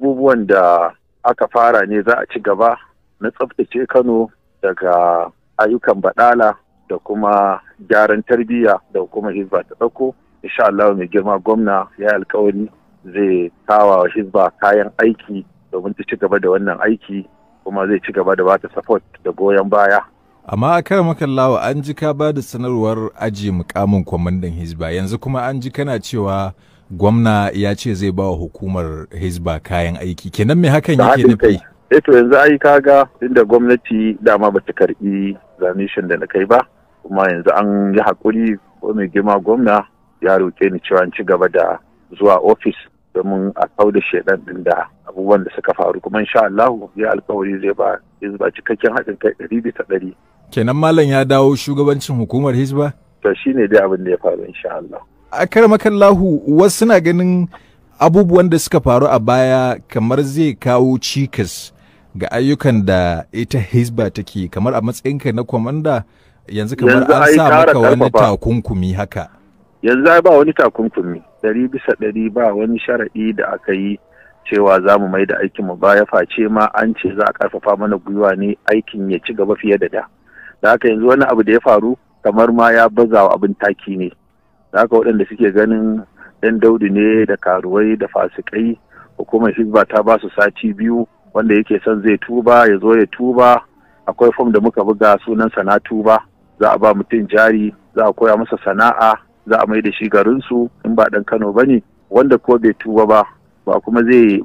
abubuwan da aka fara ne za a ci gaba na tsaftace kano daga ayyukan baɗala da kuma gyaran tarbiyya da kuma hizba ta ɗauko insha Allah mai girma gwamna ya yi alkawari zai kawa hizba kayan aiki domin ta ci gaba da wannan aiki kuma zai ci gaba da bata support da goyon baya amma a kan makallawa an ji ka ba da sanarwar ajiye mukamin kwamandan hizba yanzu kuma an ji kana cewa gwamna ya ce zai ba wa hukumar hizba kayan aiki kenan me hakan yake nufi eto eh, yanzu ai kaga inda gwamnati dama ba ta karbi zamishin da na kai ba kuma yanzu an yi hakuri ko mai gima gwamna ya roƙe ni cewa ci gaba da zuwa ofis domin a kau da shaidan din da abubuwan da suka faru kuma insha Allah ya alkawari zai ba hizba cikakken haɗin kai ɗari ta ɗari. kenan malam ya dawo shugabancin hukumar hizba to shine dai abin da ya faru insha Allah a makallahu wasu suna ganin abubuwan da suka faru a baya kamar zai kawo cikas ga ayyukan da ita hizba take kamar a matsayinka na kwamanda yanzu kamar an sa maka wani takunkumi haka yanzu ba wani takunkumi ɗari bisa ɗari ba wani sharaɗi da aka yi cewa za mu mai da aikin mu baya face ma an ce za a karfafa mana gwiwa ne aikin ya ci gaba fiye da da da haka yanzu wani abu da ya faru kamar ma ya bazawa abin taki ne da haka waɗanda suke ganin ɗan daudi ne da karuwai da fasikai hukumar hizba ta ba su sati biyu wanda yake son zai tuba ya zo ya tuba akwai fom da muka buga sunan sana tuba za a ba mutum jari za a koya masa sana'a za a mai da shi garinsu in ba ɗan kano ba ne wanda ko bai tuba ba ba kuma zai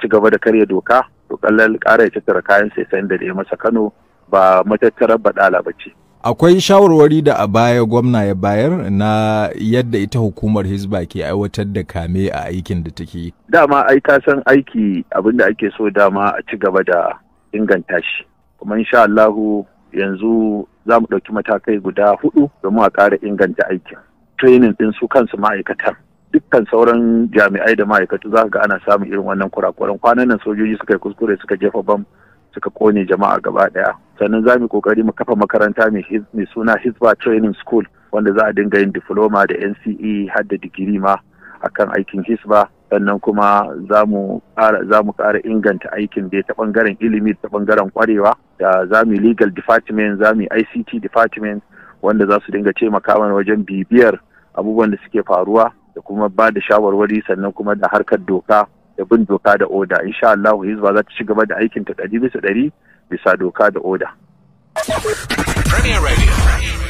ci gaba da karya doka to kallal ƙara ya tattara kayan sai sayan da ya masa kano ba matattarar baɗala ba ce akwai shawarwari da a baya gwamna ya bayar na yadda ita hukumar hizba ke aiwatar da kame a aikin da take dama ai ka san aiki abin da ake so dama a ci gaba da inganta shi kuma insha Allahu yanzu za mu ɗauki matakai guda hudu domin a ƙara inganta aikin training ɗin su kansu ma'aikatan dukkan sauran jami'ai da ma'aikatu za ka ga ana samun irin wannan kurakuran kwanan nan sojoji suka yi kuskure suka jefa bam suka kone jama'a gaba daya sannan za mu kokari mu kafa makaranta mai suna hisba training school wanda za a dinga yin diploma da nce har da digiri ma akan aikin hisba sannan kuma za mu ƙara inganta aikin da ta ɓangaren ilimi ta bangaren kwarewa da za mu legal department za mu ict department wanda za su dinga taimakawa wajen bibiyar abubuwan da suke faruwa da kuma ba da shawarwari sannan kuma da harkar doka da bin doka da oda insha Allah hizba za ta ci gaba da aikin ta ɗari bisa ɗari bisa doka da oda. Premier Radio.